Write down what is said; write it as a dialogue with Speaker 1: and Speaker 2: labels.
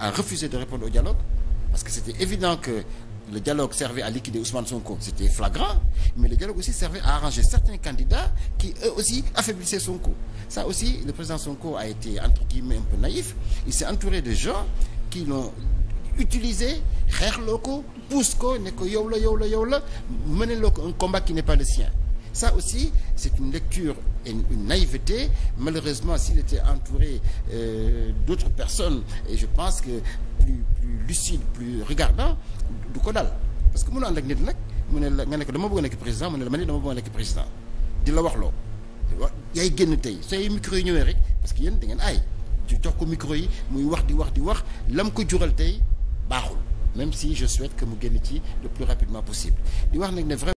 Speaker 1: a refusé de répondre au dialogue parce que c'était évident que le dialogue servait à liquider Ousmane Sonko c'était flagrant mais le dialogue aussi servait à arranger certains candidats qui eux aussi affaiblissaient Sonko ça aussi le président Sonko a été entre guillemets un peu naïf il s'est entouré de gens qui l'ont utilisé xeexloo ko pousse ko ne ko yow la yow la yow la meneloo ko un combat qui n'est pas le sien Ça aussi, c'est une lecture et une, naïveté. Malheureusement, s'il était entouré euh, d'autres personnes, et je pense que plus, plus lucide, plus regardant, du ko dal parce que mënoo ànd ak nit nag mu ne la nga ne dama bëgg nekk président mu ne la ma ne dama bëgg a nekk président di la wax loo yaay génn tey sooy micro yi ñëwee rek parce que yéen da ngeen aay jox ko micro yi muy wax di wax di wax lam ko jural tey baaxul même si je souhaite que mu génn ci le plus rapidement
Speaker 2: possible wax nag